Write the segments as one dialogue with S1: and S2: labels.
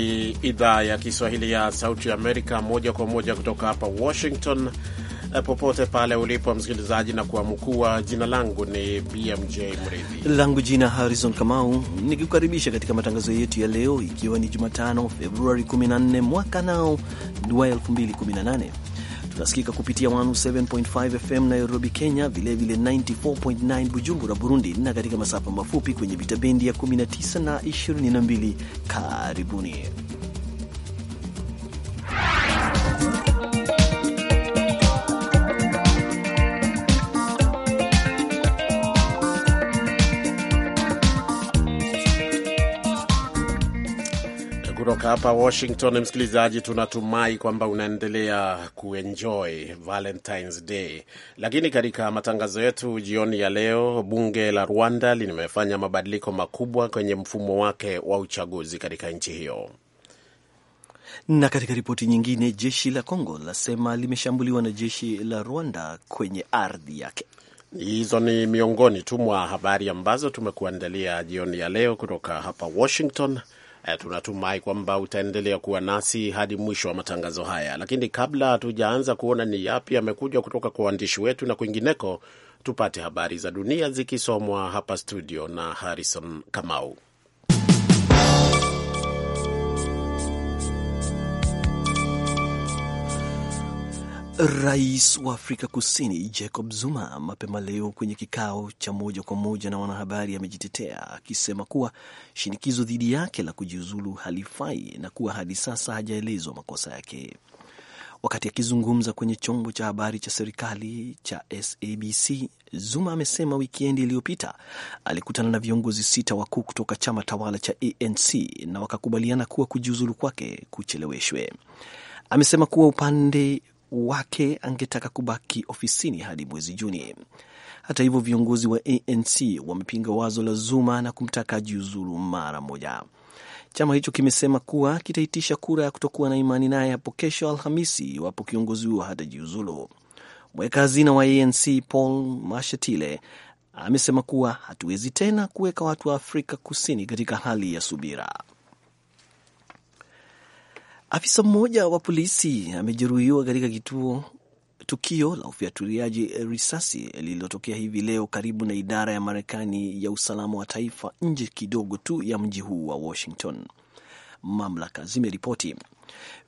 S1: ni idhaa ya Kiswahili ya Sauti ya Amerika, moja kwa moja kutoka hapa Washington. Eh, popote pale ulipo msikilizaji, na kuamkua, jina langu ni BMJ Mridhi,
S2: langu jina Harrison Kamau, nikikukaribisha katika matangazo yetu ya leo, ikiwa ni Jumatano Februari 14 mwaka nao wa 2018 Tunasikika kupitia 107.5 FM Nairobi, Kenya, vilevile 94.9 Bujumbura, Burundi, na katika masafa mafupi kwenye vitabendi ya 19 na 22. Karibuni.
S1: kutoka hapa Washington. Msikilizaji, tunatumai kwamba unaendelea kuenjoy Valentines Day. Lakini katika matangazo yetu jioni ya leo, bunge la Rwanda limefanya mabadiliko makubwa kwenye mfumo wake wa uchaguzi katika nchi hiyo.
S2: Na katika ripoti nyingine, jeshi la congo lasema limeshambuliwa na jeshi
S1: la Rwanda kwenye ardhi yake. Hizo ni miongoni tu mwa habari ambazo tumekuandalia jioni ya leo kutoka hapa Washington. Eh, tunatumai kwamba utaendelea kuwa nasi hadi mwisho wa matangazo haya. Lakini kabla hatujaanza kuona ni yapi amekuja kutoka kwa waandishi wetu na kwingineko, tupate habari za dunia zikisomwa hapa studio na Harrison Kamau. Rais
S2: wa Afrika Kusini Jacob Zuma mapema leo kwenye kikao cha moja kwa moja na wanahabari amejitetea akisema kuwa shinikizo dhidi yake la kujiuzulu halifai na kuwa hadi sasa hajaelezwa makosa yake. Wakati akizungumza kwenye chombo cha habari cha serikali cha SABC, Zuma amesema wikendi iliyopita alikutana na viongozi sita wakuu kutoka chama tawala cha ANC na wakakubaliana kuwa kujiuzulu kwake kucheleweshwe. Amesema kuwa upande wake angetaka kubaki ofisini hadi mwezi Juni. Hata hivyo, viongozi wa ANC wamepinga wazo la Zuma na kumtaka ajiuzulu mara moja. Chama hicho kimesema kuwa kitaitisha kura ya kutokuwa na imani naye hapo kesho Alhamisi iwapo kiongozi huo hatajiuzulu. Mweka hazina wa ANC Paul Mashatile amesema kuwa hatuwezi tena kuweka watu wa Afrika Kusini katika hali ya subira. Afisa mmoja wa polisi amejeruhiwa katika kituo tukio la ufyatuliaji risasi lililotokea hivi leo karibu na idara ya Marekani ya usalama wa taifa nje kidogo tu ya mji huu wa Washington, mamlaka zimeripoti.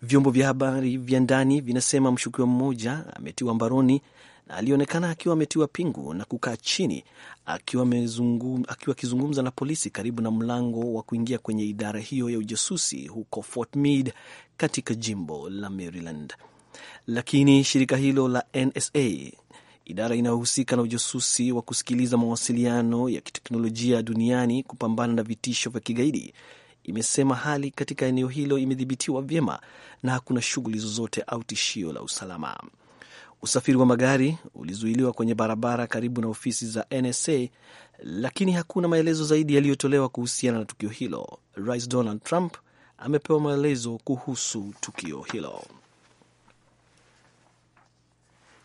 S2: Vyombo vya habari vya ndani vinasema mshukiwa mmoja ametiwa mbaroni na alionekana akiwa ametiwa pingu na kukaa chini akiwa akizungumza na polisi karibu na mlango wa kuingia kwenye idara hiyo ya ujasusi huko Fort Meade katika jimbo la Maryland. Lakini shirika hilo la NSA, idara inayohusika na ujasusi wa kusikiliza mawasiliano ya kiteknolojia duniani kupambana na vitisho vya kigaidi, imesema hali katika eneo hilo imedhibitiwa vyema na hakuna shughuli zozote au tishio la usalama. Usafiri wa magari ulizuiliwa kwenye barabara karibu na ofisi za NSA, lakini hakuna maelezo zaidi yaliyotolewa kuhusiana na tukio hilo. Rais Donald Trump amepewa maelezo kuhusu tukio hilo.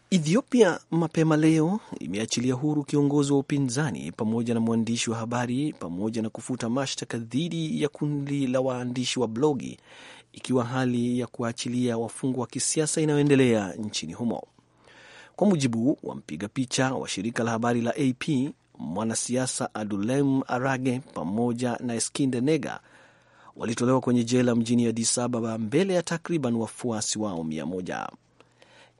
S2: Ethiopia mapema leo imeachilia huru kiongozi wa upinzani pamoja na mwandishi wa habari pamoja na kufuta mashtaka dhidi ya kundi la waandishi wa blogi, ikiwa hali ya kuachilia wafungwa wa kisiasa inayoendelea nchini humo. Kwa mujibu wa mpiga picha wa shirika la habari la AP, mwanasiasa Adulem Arage pamoja na Eskinde Nega walitolewa kwenye jela mjini Addis Ababa mbele ya takriban wafuasi wao mia moja.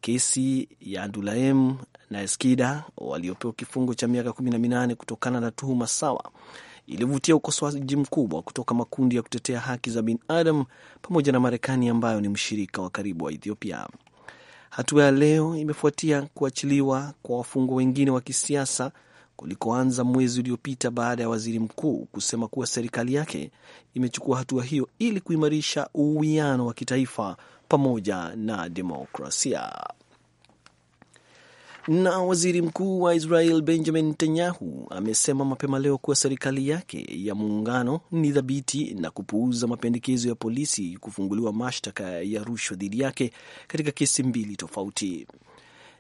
S2: Kesi ya Dulaem na Eskida waliopewa kifungo cha miaka kumi na minane kutokana na tuhuma sawa ilivutia ukosoaji mkubwa kutoka makundi ya kutetea haki za binadamu pamoja na Marekani ambayo ni mshirika wa karibu wa Ethiopia. Hatua ya leo imefuatia kuachiliwa kwa wafungwa wengine wa kisiasa kulikoanza mwezi uliopita baada ya waziri mkuu kusema kuwa serikali yake imechukua hatua hiyo ili kuimarisha uwiano wa kitaifa pamoja na demokrasia. Na waziri mkuu wa Israel Benjamin Netanyahu amesema mapema leo kuwa serikali yake ya muungano ni thabiti na kupuuza mapendekezo ya polisi kufunguliwa mashtaka ya rushwa dhidi yake katika kesi mbili tofauti.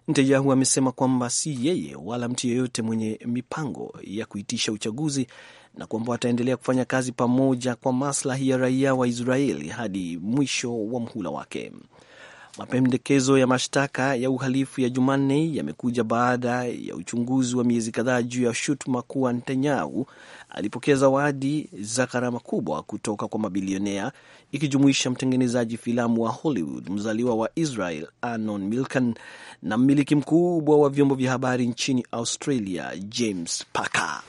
S2: Netanyahu amesema kwamba si yeye wala mtu yeyote mwenye mipango ya kuitisha uchaguzi na kwamba wataendelea kufanya kazi pamoja kwa maslahi ya raia wa Israeli hadi mwisho wa mhula wake. Mapendekezo ya mashtaka ya uhalifu ya Jumanne yamekuja baada ya uchunguzi wa miezi kadhaa juu ya shutuma kuwa Netanyahu alipokea zawadi za gharama kubwa kutoka kwa mabilionea ikijumuisha mtengenezaji filamu wa Hollywood mzaliwa wa Israel anon Milchan na mmiliki mkubwa wa vyombo vya habari nchini Australia James Packer.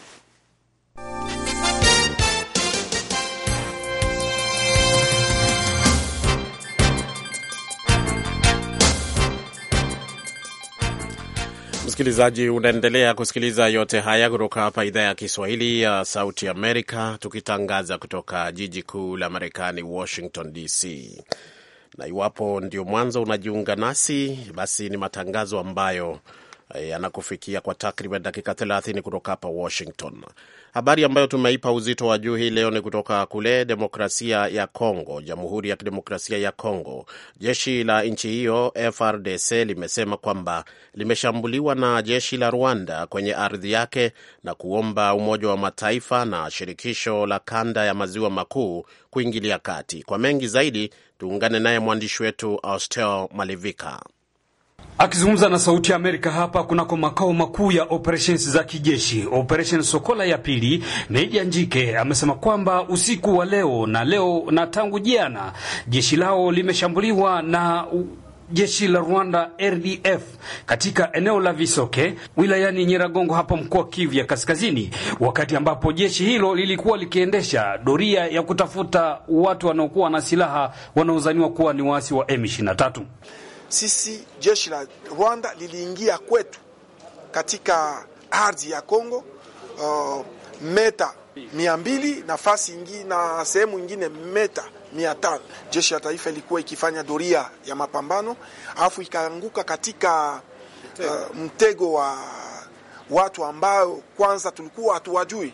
S1: Msikilizaji, unaendelea kusikiliza yote haya kutoka hapa idhaa ya Kiswahili ya Sauti Amerika, tukitangaza kutoka jiji kuu la Marekani, Washington DC. Na iwapo ndio mwanzo unajiunga nasi, basi ni matangazo ambayo yanakufikia eh, kwa takriban dakika 30 kutoka hapa Washington. Habari ambayo tumeipa uzito wa juu hii leo ni kutoka kule demokrasia ya congo Jamhuri ya Kidemokrasia ya congo Jeshi la nchi hiyo FRDC limesema kwamba limeshambuliwa na jeshi la Rwanda kwenye ardhi yake na kuomba Umoja wa Mataifa na shirikisho la kanda ya maziwa makuu kuingilia kati. Kwa mengi zaidi, tuungane naye mwandishi wetu Austel Malivika.
S3: Akizungumza na Sauti ya Amerika hapa kunako makao makuu ya operations za kijeshi, operation Sokola ya pili, Meja Njike amesema kwamba usiku wa leo na leo na tangu jana jeshi lao limeshambuliwa na jeshi la Rwanda RDF katika eneo la Visoke wilayani Nyiragongo hapa mkoa Kivu ya Kaskazini, wakati ambapo jeshi hilo lilikuwa likiendesha doria ya kutafuta watu wanaokuwa na silaha wanaozaniwa kuwa ni waasi wa M23
S4: sisi jeshi la Rwanda liliingia kwetu katika ardhi ya Kongo uh, meta mia mbili nafasi ingi, na sehemu ingine meta mia tano. Jeshi la taifa ilikuwa ikifanya doria ya mapambano alafu ikaanguka katika uh, mtego wa watu ambao kwanza tulikuwa hatuwajui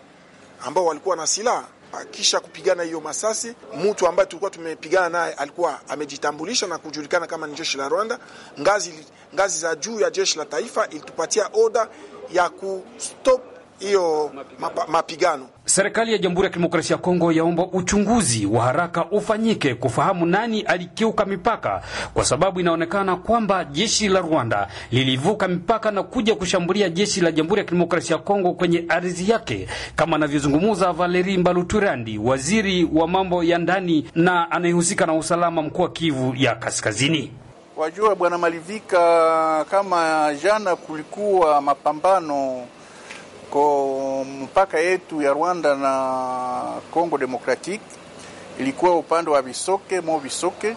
S4: ambao walikuwa na silaha kisha kupigana hiyo masasi, mtu ambaye tulikuwa tumepigana naye alikuwa amejitambulisha na kujulikana kama ni jeshi la Rwanda. Ngazi ngazi za juu ya jeshi la taifa ilitupatia oda ya kustop hiyo mapigano.
S3: Serikali ya Jamhuri ya Kidemokrasia ya Kongo yaomba uchunguzi wa haraka ufanyike kufahamu nani alikiuka mipaka, kwa sababu inaonekana kwamba jeshi la Rwanda lilivuka mipaka na kuja kushambulia jeshi la Jamhuri ya Kidemokrasia ya Kongo kwenye ardhi yake, kama anavyozungumza Valeri Mbaluturandi, waziri wa mambo ya ndani na anayehusika na usalama mkuu wa Kivu ya Kaskazini.
S4: Wajua bwana Malivika, kama jana kulikuwa mapambano Ko mpaka yetu
S1: ya Rwanda na Kongo Demokratiki ilikuwa upande wa Bisoke mo Bisoke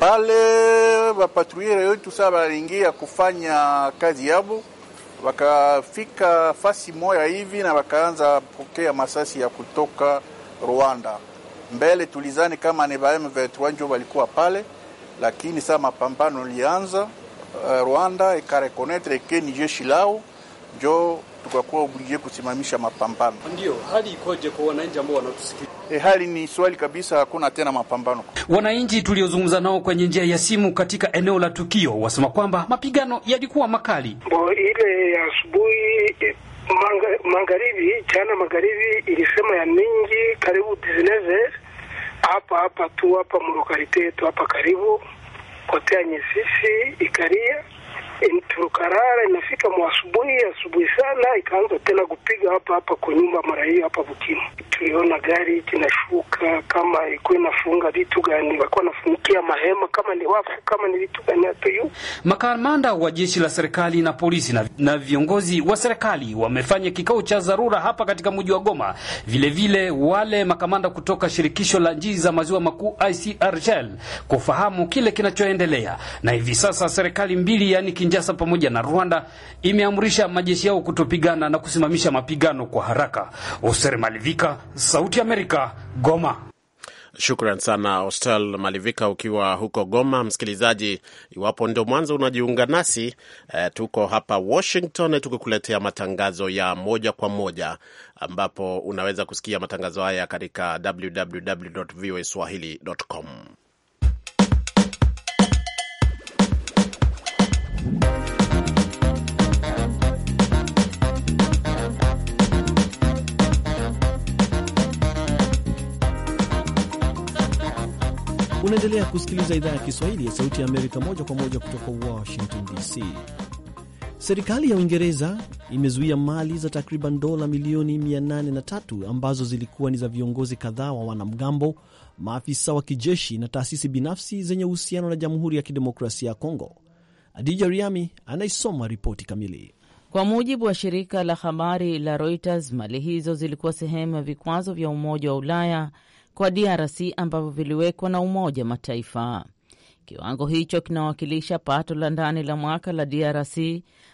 S1: pale, bapatruiere yetu saa balingia kufanya kazi yabo, wakafika fasi moya hivi na wakaanza pokea masasi ya kutoka Rwanda. Mbele tulizani kama ni ba M23 ndio walikuwa pale, lakini saa mapambano lianza, eh, Rwanda ikarekonetre ke ni jeshi lao njo tukakuwa obligé kusimamisha mapambano.
S4: Ndio hali ikoje kwa wananchi ambao wanatusikia? E, hali ni swali kabisa, hakuna tena mapambano.
S3: Wananchi tuliozungumza nao kwenye njia ya simu katika eneo la tukio wasema kwamba mapigano yalikuwa makali
S5: Bo, ile ya asubuhi e, magharibi, chana
S6: magharibi ilisema ya mingi karibu tizineze hapa hapa tu hapa mlokalite yetu hapa karibu kotea nyesisi ikaria Turukarara inafika mwasubuhi asubuhi sana, ikaanza tena kupiga hapa hapa kwa nyumba. Mara hiyo hapa Bukimu tuliona gari kinashuka, kama ilikuwa inafunga vitu gani, walikuwa wanafunikia mahema, kama ni wafu, kama ni vitu gani, hapo hiyo.
S3: Makamanda wa jeshi la serikali na polisi na, na viongozi wa serikali wamefanya kikao cha dharura hapa katika mji wa Goma. Vile vile, wale makamanda kutoka shirikisho la njii za maziwa makuu ICRGL kufahamu kile kinachoendelea, na hivi sasa serikali mbili yani Kinjasa pamoja na Rwanda imeamrisha majeshi yao kutopigana na kusimamisha mapigano kwa haraka.
S1: Oster Malivika, Sauti Amerika, Goma. Shukran sana Hostel Malivika ukiwa huko Goma. Msikilizaji, iwapo ndio mwanzo unajiunga nasi e, tuko hapa Washington tukikuletea matangazo ya moja kwa moja ambapo unaweza kusikia matangazo haya katika www voa com
S2: Unaendelea kusikiliza idhaa ya Kiswahili ya Sauti ya Amerika moja kwa moja kutoka Washington DC. Serikali ya Uingereza imezuia mali za takriban dola milioni 803 ambazo zilikuwa ni za viongozi kadhaa wa wanamgambo, maafisa wa kijeshi na taasisi binafsi zenye uhusiano na Jamhuri ya Kidemokrasia ya Kongo. Adija Riami
S7: anaisoma ripoti kamili. Kwa mujibu wa shirika la habari la Reuters, mali hizo zilikuwa sehemu ya vikwazo vya Umoja wa Ulaya kwa DRC ambavyo viliwekwa na Umoja Mataifa. Kiwango hicho kinawakilisha pato la ndani la mwaka la DRC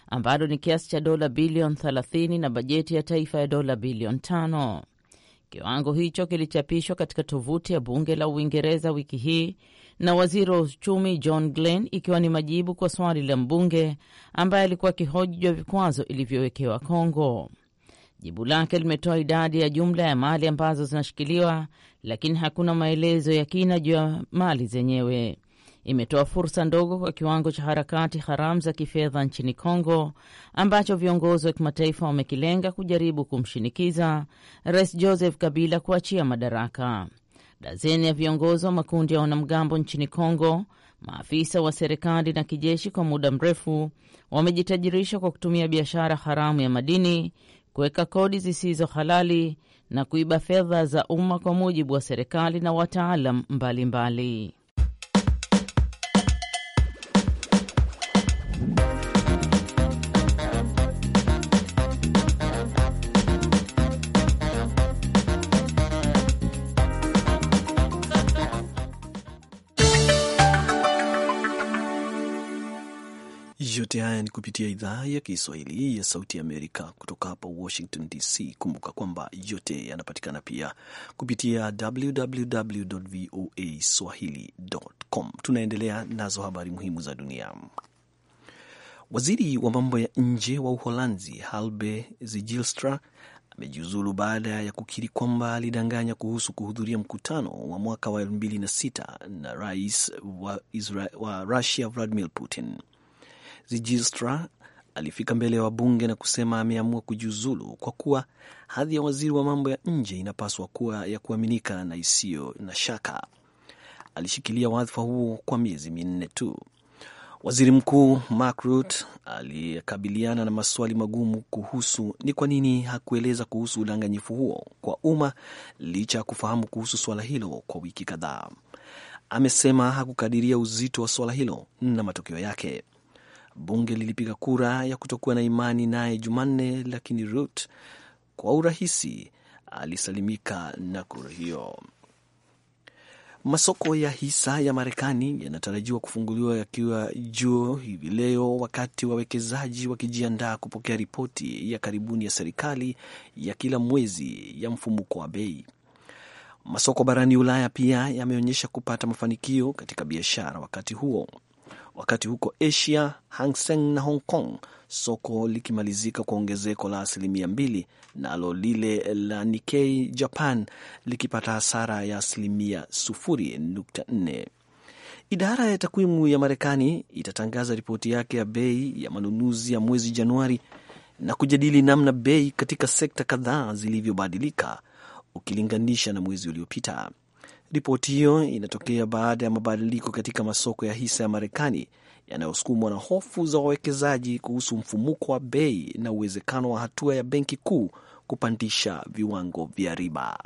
S7: ambalo ni kiasi cha dola bilioni 30 na bajeti ya taifa ya dola bilioni 5. Kiwango hicho kilichapishwa katika tovuti ya bunge la Uingereza wiki hii na waziri wa uchumi John glen ikiwa ni majibu kwa swali la mbunge ambaye alikuwa akihoji juu ya vikwazo ilivyowekewa congo Jibu lake limetoa idadi ya jumla ya mali ambazo zinashikiliwa, lakini hakuna maelezo ya kina juu ya mali zenyewe. Imetoa fursa ndogo kwa kiwango cha harakati haramu za kifedha nchini Kongo ambacho viongozi wa kimataifa wamekilenga kujaribu kumshinikiza Rais Joseph Kabila kuachia madaraka. Dazeni ya viongozi wa makundi ya wanamgambo nchini Kongo, maafisa wa serikali na kijeshi, kwa muda mrefu wamejitajirisha kwa kutumia biashara haramu ya madini, kuweka kodi zisizo halali na kuiba fedha za umma, kwa mujibu wa serikali na wataalam mbalimbali.
S2: Yote haya ni kupitia idhaa ya Kiswahili ya Sauti Amerika kutoka hapa Washington DC. Kumbuka kwamba yote yanapatikana pia kupitia www voa swahili.com. Tunaendelea nazo habari muhimu za dunia. Waziri wa mambo ya nje wa Uholanzi Halbe Zijilstra amejiuzulu baada ya kukiri kwamba alidanganya kuhusu kuhudhuria mkutano wa mwaka wa 2006 na rais wa, wa Russia Vladimir Putin. Zijistra alifika mbele ya wa wabunge na kusema ameamua kujiuzulu kwa kuwa hadhi ya waziri wa mambo ya nje inapaswa kuwa ya kuaminika na isiyo na shaka. Alishikilia wadhifa huo kwa miezi minne tu. Waziri Mkuu Mark Rutte aliyekabiliana na maswali magumu kuhusu ni kwa nini hakueleza kuhusu udanganyifu huo kwa umma licha ya kufahamu kuhusu swala hilo kwa wiki kadhaa. Amesema hakukadiria uzito wa swala hilo na matokeo yake. Bunge lilipiga kura ya kutokuwa na imani naye Jumanne, lakini Rut kwa urahisi alisalimika na kura hiyo. Masoko ya hisa ya Marekani yanatarajiwa kufunguliwa yakiwa juu hivi leo, wakati wawekezaji wakijiandaa kupokea ripoti ya karibuni ya serikali ya kila mwezi ya mfumuko wa bei. Masoko barani Ulaya pia yameonyesha kupata mafanikio katika biashara wakati huo wakati huko Asia, Hang Seng na Hong Kong soko likimalizika kwa ongezeko la asilimia mbili, nalo lile la Nikkei Japan likipata hasara ya asilimia sufuri nukta nne. Idara ya takwimu ya Marekani itatangaza ripoti yake ya bei ya manunuzi ya mwezi Januari na kujadili namna bei katika sekta kadhaa zilivyobadilika ukilinganisha na mwezi uliopita. Ripoti hiyo inatokea baada ya mabadiliko katika masoko ya hisa ya Marekani yanayosukumwa na hofu za wawekezaji kuhusu mfumuko wa bei na uwezekano wa hatua ya benki kuu kupandisha viwango vya riba.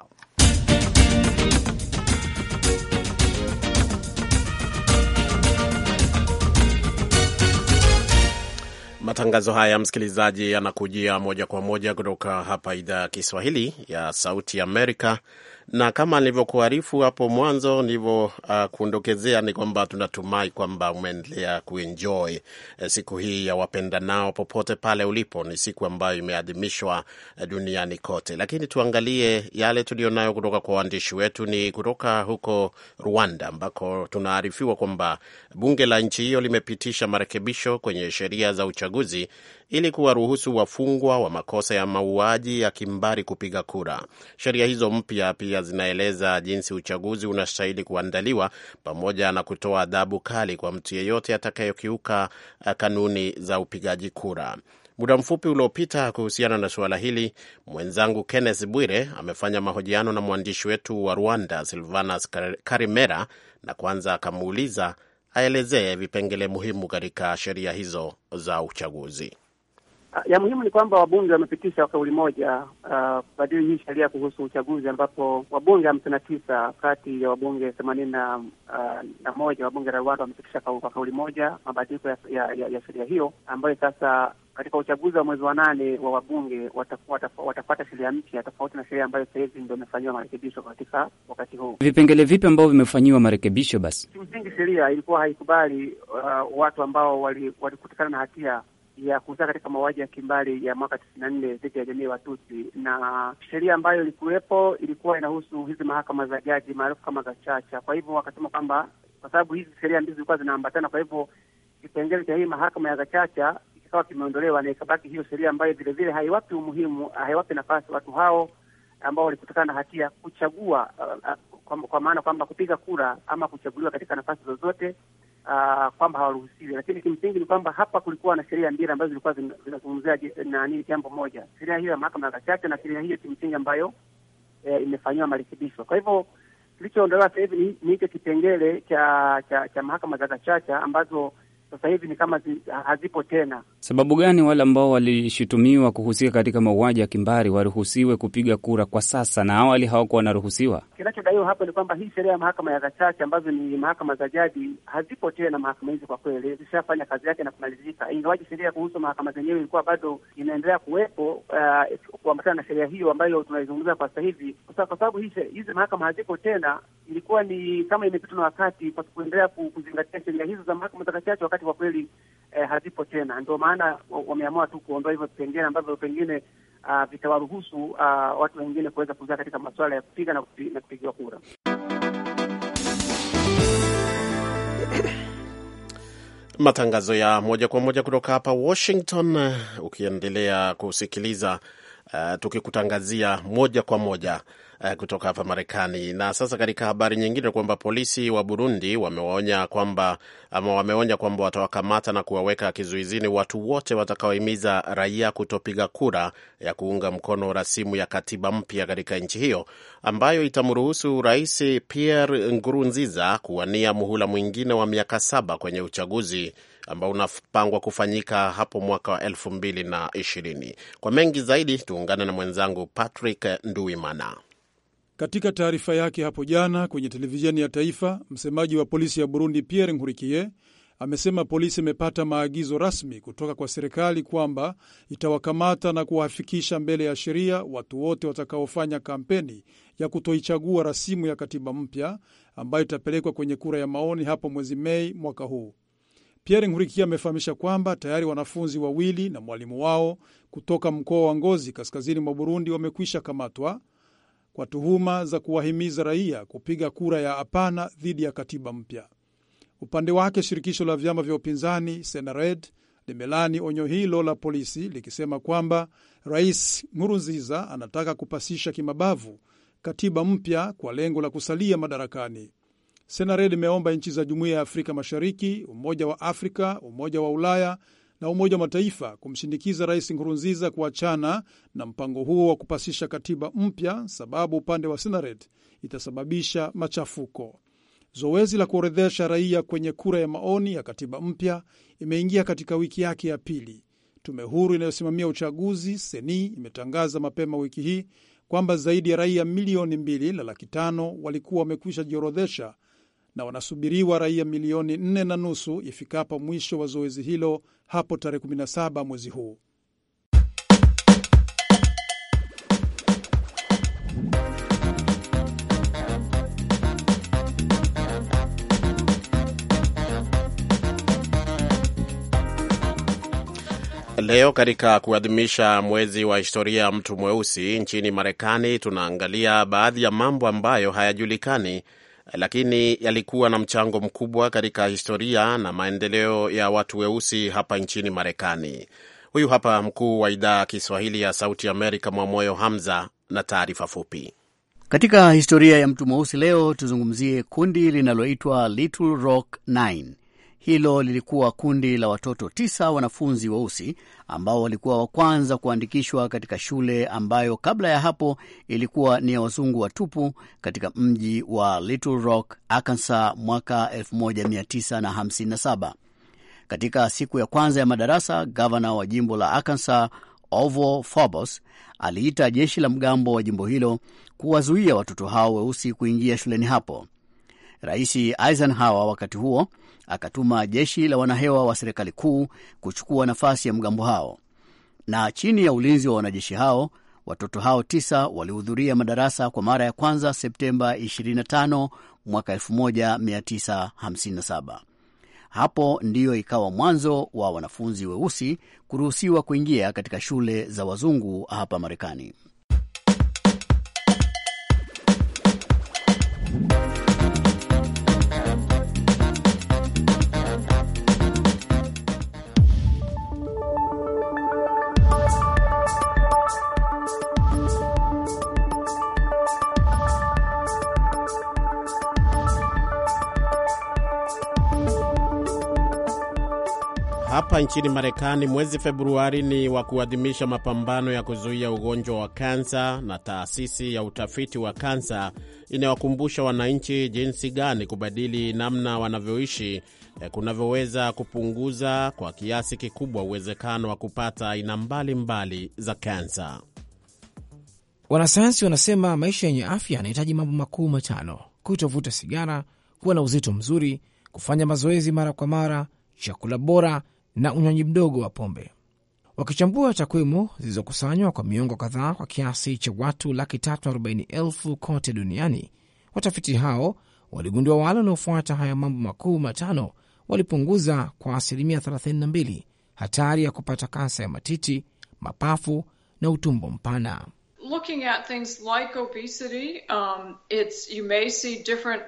S1: Matangazo haya msikilizaji, yanakujia moja kwa moja kutoka hapa idhaa ya Kiswahili ya Sauti Amerika na kama nilivyokuarifu hapo mwanzo, nilivyo uh, ni kwamba tunatumai kwamba umeendelea kuenjoy eh, siku hii ya wapenda nao popote pale ulipo. Ni siku ambayo imeadhimishwa eh, duniani kote, lakini tuangalie yale tuliyonayo kutoka kwa waandishi wetu. Ni kutoka huko Rwanda ambako tunaarifiwa kwamba bunge la nchi hiyo limepitisha marekebisho kwenye sheria za uchaguzi ili kuwaruhusu wafungwa wa makosa ya mauaji ya kimbari kupiga kura. Sheria hizo mpya pia zinaeleza jinsi uchaguzi unastahili kuandaliwa pamoja na kutoa adhabu kali kwa mtu yeyote atakayekiuka eh, kanuni za upigaji kura. Muda mfupi uliopita, kuhusiana na suala hili, mwenzangu Kenneth Bwire amefanya mahojiano na mwandishi wetu wa Rwanda Silvanas Karimera, na kwanza akamuuliza aelezee vipengele muhimu katika sheria hizo za uchaguzi.
S5: Ah, ya muhimu ni kwamba wabunge wamepitisha kauli moja kubadili ah, uh, hii sheria kuhusu uchaguzi, ambapo wabunge hamsini na tisa kati ya wabunge themanini uh, na moja wabunge la Rwanda wamepitisha kwa kauli moja mabadiliko ya, ya, ya, ya sheria hiyo ambayo sasa katika uchaguzi wa mwezi wa nane wa wabunge watapata sheria mpya tofauti na sheria ambayo sahizi hivi ndio imefanyiwa marekebisho katika wakati huu. Vipengele
S3: vipi ambavyo vimefanyiwa marekebisho? Basi
S5: kimsingi sheria ilikuwa haikubali uh, watu ambao walikutikana wali na hatia ya kuhusika katika mauaji ya kimbali ya mwaka tisini na nne dhidi ya jamii ya Watusi, na sheria ambayo ilikuwepo ilikuwa inahusu hizi mahakama za jaji maarufu kama gachacha. Kwa hivyo wakasema kwamba kwa sababu hizi sheria mbili zilikuwa zinaambatana, kwa hivyo kipengele cha hii mahakama ya gachacha kikawa kimeondolewa na ikabaki hiyo sheria ambayo vilevile haiwapi umuhimu, haiwapi nafasi watu hao ambao walikutikana na hatia kuchagua uh, uh, kwa, kwa maana kwamba kupiga kura ama kuchaguliwa katika nafasi zozote uh, kwamba hawaruhusiwi, lakini kimsingi ni kwamba hapa kulikuwa na sheria mbili ambazo zilikuwa zinazungumzia na nini jambo moja, sheria hiyo ya mahakama ya Gacaca na sheria hiyo kimsingi ambayo eh, imefanyiwa marekebisho. Kwa hivyo kilichoondolewa sasa hivi ni hicho kipengele cha cha, cha mahakama za kachacha ambazo sasa hivi ni kama zi, hazipo tena.
S3: Sababu gani wale ambao walishutumiwa kuhusika katika mauaji ya kimbari waruhusiwe kupiga kura kwa sasa na awali hawakuwa wanaruhusiwa?
S5: Kinachodaiwa hapo ni kwamba hii sheria ya mahakama ya Kachache ambazo ni mahakama za jadi hazipo tena. Mahakama hizi kwa kweli zishafanya kazi yake na kumalizika, ingawaji sheria kuhusu mahakama zenyewe ilikuwa bado inaendelea kuwepo uh, kuambatana na sheria hiyo ambayo tunaizungumza kwa sasa hivi, kwa sababu hizi mahakama hazipo tena, ilikuwa ni kama imepitwa na wakati kwa kuendelea kuzingatia sheria hizo za mahakama za Kachache wakati wakati kwa kweli eh, hazipo tena. Ndio maana wameamua tu kuondoa hivyo vipengele ambavyo pengine uh, vitawaruhusu uh, watu wengine kuweza kuzaa katika masuala ya kupiga na, kupi, na kupigiwa kura.
S1: Matangazo ya moja kwa moja kutoka hapa Washington, eh, ukiendelea kusikiliza uh, tukikutangazia moja kwa moja uh, kutoka hapa Marekani. Na sasa katika habari nyingine, kwamba polisi wa Burundi wameonya kwamba ama wameonya kwamba watawakamata na kuwaweka kizuizini watu wote watakaohimiza raia kutopiga kura ya kuunga mkono rasimu ya katiba mpya katika nchi hiyo ambayo itamruhusu Rais Pierre Nkurunziza kuwania muhula mwingine wa miaka saba kwenye uchaguzi ambao unapangwa kufanyika hapo mwaka wa elfu mbili na ishirini. Kwa mengi zaidi tuungane na mwenzangu Patrick
S4: Nduimana. Katika taarifa yake hapo jana kwenye televisheni ya taifa, msemaji wa polisi ya Burundi Pierre Nkurikiye amesema polisi imepata maagizo rasmi kutoka kwa serikali kwamba itawakamata na kuwafikisha mbele ya sheria watu wote watakaofanya kampeni ya kutoichagua rasimu ya katiba mpya ambayo itapelekwa kwenye kura ya maoni hapo mwezi Mei mwaka huu. Pierre Nkurikiye amefahamisha kwamba tayari wanafunzi wawili na mwalimu wao kutoka mkoa wa Ngozi kaskazini mwa Burundi wamekwisha kamatwa kwa tuhuma za kuwahimiza raia kupiga kura ya hapana dhidi ya katiba mpya. Upande wake, shirikisho la vyama vya upinzani Senared limelani onyo hilo la polisi likisema kwamba Rais Nkurunziza anataka kupasisha kimabavu katiba mpya kwa lengo la kusalia madarakani. Senared imeomba nchi za Jumuiya ya Afrika Mashariki, Umoja wa Afrika, Umoja wa Ulaya na Umoja wa Mataifa kumshinikiza Rais Nkurunziza kuachana na mpango huo wa kupasisha katiba mpya, sababu upande wa Senaret itasababisha machafuko. Zoezi la kuorodhesha raia kwenye kura ya maoni ya katiba mpya imeingia katika wiki yake ya pili. Tume huru inayosimamia uchaguzi Seni imetangaza mapema wiki hii kwamba zaidi ya raia milioni mbili na laki tano walikuwa wamekwisha jiorodhesha na wanasubiriwa raia milioni nne na nusu ifikapo mwisho wa zoezi hilo hapo tarehe 17 mwezi huu.
S1: Leo katika kuadhimisha mwezi wa historia ya mtu mweusi nchini Marekani, tunaangalia baadhi ya mambo ambayo hayajulikani lakini yalikuwa na mchango mkubwa katika historia na maendeleo ya watu weusi hapa nchini Marekani. Huyu hapa mkuu wa idhaa ya Kiswahili ya Sauti Amerika, Mwamoyo Hamza, na taarifa fupi.
S8: Katika historia ya mtu mweusi leo, tuzungumzie kundi linaloitwa Little Rock Nine. Hilo lilikuwa kundi la watoto tisa wanafunzi weusi ambao walikuwa wa kwanza kuandikishwa katika shule ambayo kabla ya hapo ilikuwa ni ya wazungu watupu katika mji wa Little Rock, Arkansas mwaka 1957. Katika siku ya kwanza ya madarasa, gavana wa jimbo la Arkansas Orval Forbes aliita jeshi la mgambo wa jimbo hilo kuwazuia watoto hao weusi kuingia shuleni hapo. Rais Eisenhower wakati huo akatuma jeshi la wanahewa wa serikali kuu kuchukua nafasi ya mgambo hao, na chini ya ulinzi wa wanajeshi hao watoto hao tisa walihudhuria madarasa kwa mara ya kwanza Septemba 25 mwaka 1957. Hapo ndiyo ikawa mwanzo wa wanafunzi weusi kuruhusiwa kuingia katika shule za wazungu hapa Marekani.
S1: nchini Marekani, mwezi Februari ni wa kuadhimisha mapambano ya kuzuia ugonjwa wa kansa, na taasisi ya utafiti wa kansa inawakumbusha wananchi jinsi gani kubadili namna wanavyoishi eh, kunavyoweza kupunguza kwa kiasi kikubwa uwezekano wa kupata aina mbalimbali za kansa.
S9: Wanasayansi wanasema maisha yenye afya yanahitaji mambo makuu matano: kutovuta sigara, kuwa na uzito mzuri, kufanya mazoezi mara kwa mara, chakula bora na unywaji mdogo wa pombe. Wakichambua takwimu zilizokusanywa kwa miongo kadhaa kwa kiasi cha watu laki tatu arobaini elfu kote duniani, watafiti hao waligundua wale wanaofuata haya mambo makuu matano walipunguza kwa asilimia 32 hatari ya kupata kansa ya matiti, mapafu na utumbo mpana.
S4: Looking at things like obesity, um, it's, you may see different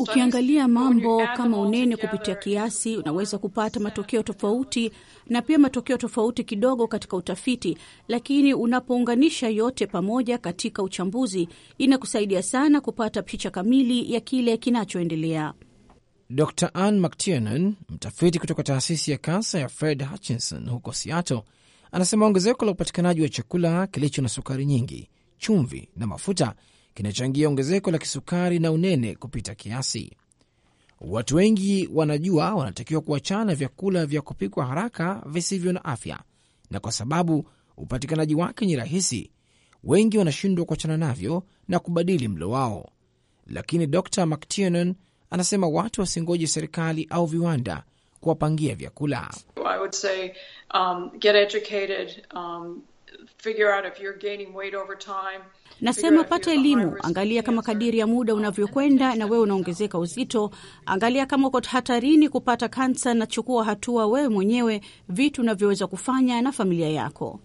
S4: Ukiangalia mambo kama
S10: unene kupitia kiasi, unaweza kupata matokeo tofauti na pia matokeo tofauti kidogo katika utafiti, lakini unapounganisha yote pamoja katika uchambuzi, inakusaidia sana kupata picha kamili ya kile kinachoendelea.
S9: Dr Ann McTiernan, mtafiti kutoka taasisi ya kansa ya Fred Hutchinson huko Seattle, anasema ongezeko la upatikanaji wa chakula kilicho na sukari nyingi, chumvi na mafuta kinachangia ongezeko la kisukari na unene kupita kiasi. Watu wengi wanajua wanatakiwa kuachana vyakula vya kupikwa haraka visivyo na afya, na kwa sababu upatikanaji wake ni rahisi, wengi wanashindwa kuachana navyo na kubadili mlo wao. Lakini Dr McTiernan anasema watu wasingoje serikali au viwanda kuwapangia vyakula.
S4: I would say, um, get educated, um, figure out if you're gaining weight over time. Nasema
S10: pata elimu, angalia kama kadiri ya muda unavyokwenda na wewe unaongezeka uzito, angalia kama uko hatarini kupata kansa, na chukua hatua wewe mwenyewe, vitu unavyoweza kufanya na familia yako.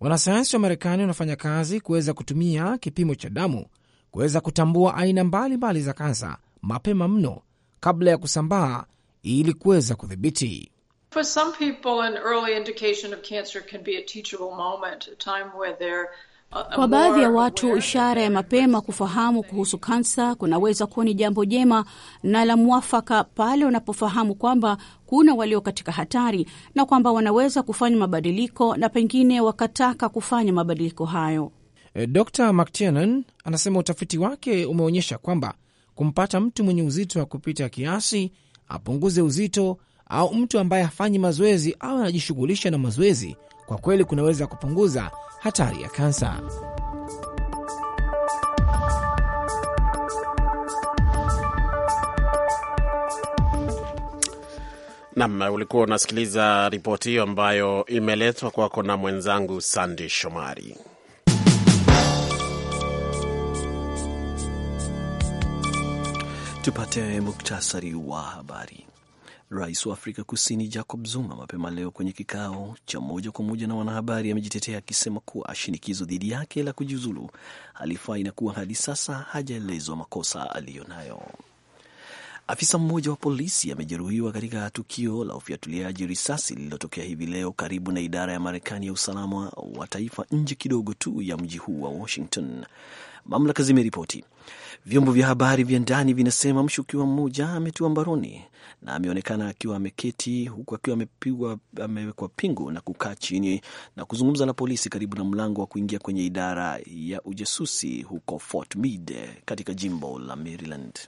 S9: Wanasayansi wa Marekani wanafanya kazi kuweza kutumia kipimo cha damu kuweza kutambua aina mbalimbali mbali za kansa mapema mno kabla ya kusambaa ili kuweza kudhibiti.
S4: For some people, an early indication of cancer can be a teachable moment, a time where they're uh, kwa baadhi ya watu
S10: ishara ya mapema kufahamu kuhusu kansa kunaweza kuwa ni jambo jema na la mwafaka pale unapofahamu kwamba kuna walio katika hatari na kwamba wanaweza kufanya mabadiliko na pengine wakataka kufanya mabadiliko
S9: hayo. Eh, Dr McTiernan anasema utafiti wake umeonyesha kwamba kumpata mtu mwenye uzito wa kupita kiasi apunguze uzito au mtu ambaye hafanyi mazoezi au anajishughulisha na mazoezi, kwa kweli kunaweza kupunguza hatari ya kansa.
S1: Nam, ulikuwa unasikiliza ripoti hiyo ambayo imeletwa kwako na mwenzangu Sandi Shomari.
S2: Tupate muktasari wa habari. Rais wa Afrika Kusini Jacob Zuma mapema leo kwenye kikao cha moja kwa moja na wanahabari amejitetea akisema kuwa shinikizo dhidi yake la kujiuzulu halifai na kuwa hadi sasa hajaelezwa makosa aliyonayo. Afisa mmoja wa polisi amejeruhiwa katika tukio la ufyatuliaji risasi lililotokea hivi leo karibu na idara ya Marekani ya usalama wa taifa nje kidogo tu ya mji huu wa Washington mamlaka zimeripoti. Vyombo vya habari vya ndani vinasema mshukiwa mmoja ametiwa mbaroni na ameonekana akiwa ameketi huku akiwa amepigwa, amewekwa pingu na kukaa chini na kuzungumza na polisi karibu na mlango wa kuingia kwenye idara ya ujasusi huko Fort Meade katika jimbo la Maryland.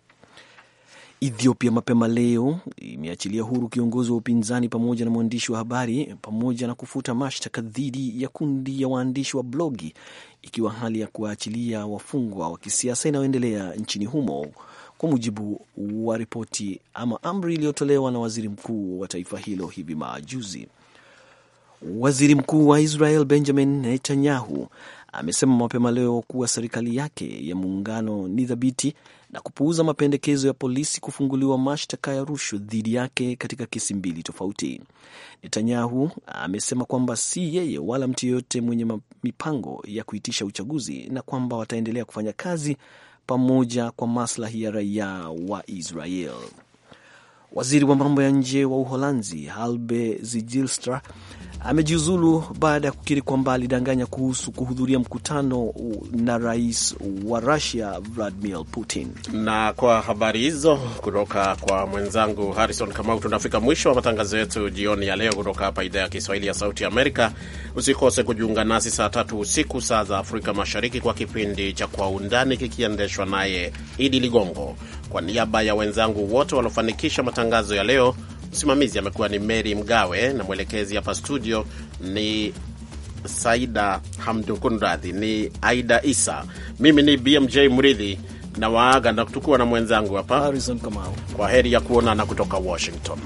S2: Ethiopia mapema leo imeachilia huru kiongozi wa upinzani pamoja na mwandishi wa habari pamoja na kufuta mashtaka dhidi ya kundi ya waandishi wa blogi, ikiwa hali ya kuwaachilia wafungwa wa kisiasa inayoendelea nchini humo, kwa mujibu wa ripoti ama amri iliyotolewa na waziri mkuu wa taifa hilo hivi majuzi. Waziri Mkuu wa Israel Benjamin Netanyahu amesema mapema leo kuwa serikali yake ya muungano ni thabiti na kupuuza mapendekezo ya polisi kufunguliwa mashtaka ya rushwa dhidi yake katika kesi mbili tofauti. Netanyahu amesema kwamba si yeye wala mtu yeyote mwenye mipango ya kuitisha uchaguzi na kwamba wataendelea kufanya kazi pamoja kwa maslahi ya raia wa Israel. Waziri wa mambo ya nje wa Uholanzi Halbe Zijilstra amejiuzulu baada ya kukiri kwamba alidanganya kuhusu kuhudhuria mkutano na rais wa Rusia Vladimir Putin.
S1: Na kwa habari hizo kutoka kwa mwenzangu Harrison Kamau, tunafika mwisho wa matangazo yetu jioni ya leo kutoka hapa idhaa ya Kiswahili ya Sauti Amerika. Usikose kujiunga nasi saa tatu usiku saa za Afrika Mashariki kwa kipindi cha Kwa Undani kikiendeshwa naye Idi Ligongo. Kwa niaba ya wenzangu wote waliofanikisha matangazo ya leo, msimamizi amekuwa ni Mary Mgawe na mwelekezi hapa studio ni Saida Hamdukunradhi, ni Aida Isa. Mimi ni BMJ Mridhi na waaga na tukuwa na mwenzangu hapa Harrison Kamau. Kwa heri ya kuonana kutoka Washington.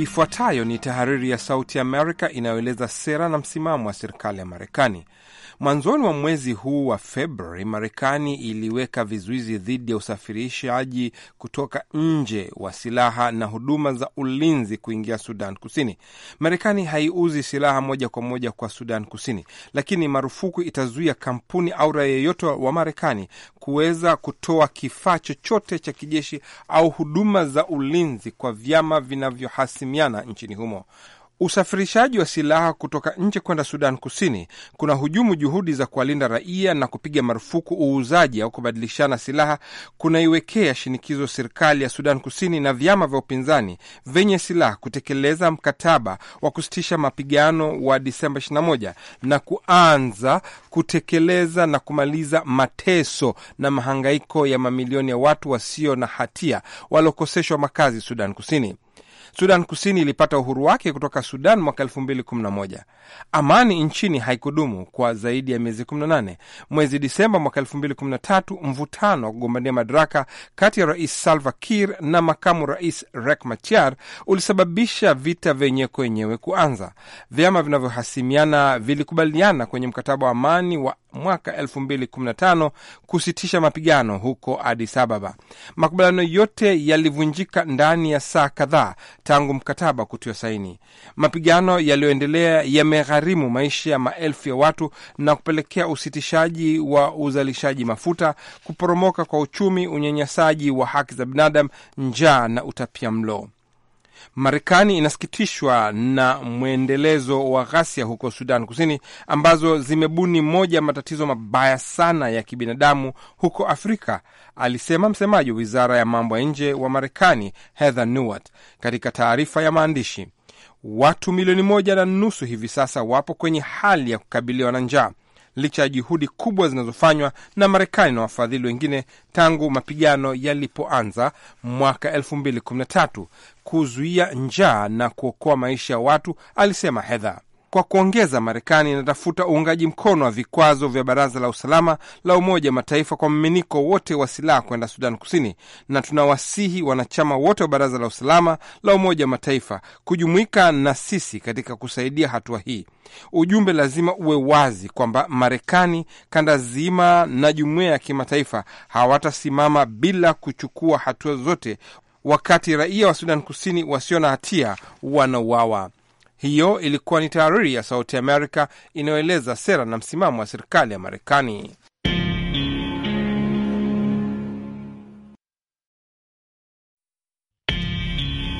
S6: Ifuatayo ni tahariri ya Sauti Amerika inayoeleza sera na msimamo wa serikali ya Marekani. Mwanzoni mwa mwezi huu wa Februari, Marekani iliweka vizuizi dhidi ya usafirishaji kutoka nje wa silaha na huduma za ulinzi kuingia Sudan Kusini. Marekani haiuzi silaha moja kwa moja kwa Sudan Kusini, lakini marufuku itazuia kampuni au raia yeyote wa Marekani kuweza kutoa kifaa chochote cha kijeshi au huduma za ulinzi kwa vyama vinavyohasimiana nchini humo. Usafirishaji wa silaha kutoka nje kwenda Sudan Kusini kuna hujumu juhudi za kuwalinda raia na kupiga marufuku uuzaji au kubadilishana silaha kunaiwekea shinikizo serikali ya Sudan Kusini na vyama vya upinzani vyenye silaha kutekeleza mkataba wa kusitisha mapigano wa Disemba 21 na kuanza kutekeleza na kumaliza mateso na mahangaiko ya mamilioni ya watu wasio na hatia waliokoseshwa makazi Sudan Kusini. Sudan Kusini ilipata uhuru wake kutoka Sudan mwaka 2011. Amani nchini haikudumu kwa zaidi ya miezi 18. Mwezi Disemba mwaka 2013, mvutano wa kugombania madaraka kati ya Rais Salva Kiir na makamu rais Riek Machar ulisababisha vita venye kwenyewe kuanza. Vyama vinavyohasimiana vilikubaliana kwenye mkataba wa amani wa mwaka 2015 kusitisha mapigano huko Addis Ababa. Makubaliano yote yalivunjika ndani ya saa kadhaa tangu mkataba kutiwa saini. Mapigano yaliyoendelea yamegharimu maisha ya maelfu ya watu na kupelekea usitishaji wa uzalishaji mafuta, kuporomoka kwa uchumi, unyanyasaji wa haki za binadamu, njaa na utapia mlo. Marekani inasikitishwa na mwendelezo wa ghasia huko Sudan Kusini ambazo zimebuni moja ya matatizo mabaya sana ya kibinadamu huko Afrika, alisema msemaji wa wizara ya mambo ya nje wa Marekani Heather Nauert katika taarifa ya maandishi. Watu milioni moja na nusu hivi sasa wapo kwenye hali ya kukabiliwa na njaa licha ya juhudi kubwa zinazofanywa na Marekani na wafadhili wengine tangu mapigano yalipoanza mwaka 2013 kuzuia njaa na kuokoa maisha ya watu, alisema Heather. Kwa kuongeza, Marekani inatafuta uungaji mkono wa vikwazo vya Baraza la Usalama la Umoja wa Mataifa kwa mmiminiko wote wa silaha kwenda Sudan Kusini, na tunawasihi wanachama wote wa Baraza la Usalama la Umoja wa Mataifa kujumuika na sisi katika kusaidia hatua hii. Ujumbe lazima uwe wazi kwamba Marekani, kanda zima na jumuiya ya kimataifa hawatasimama bila kuchukua hatua zote wakati raia wa Sudan Kusini wasio na hatia wanauawa. Hiyo ilikuwa ni tahariri ya Sauti Amerika inayoeleza sera na msimamo wa serikali ya Marekani.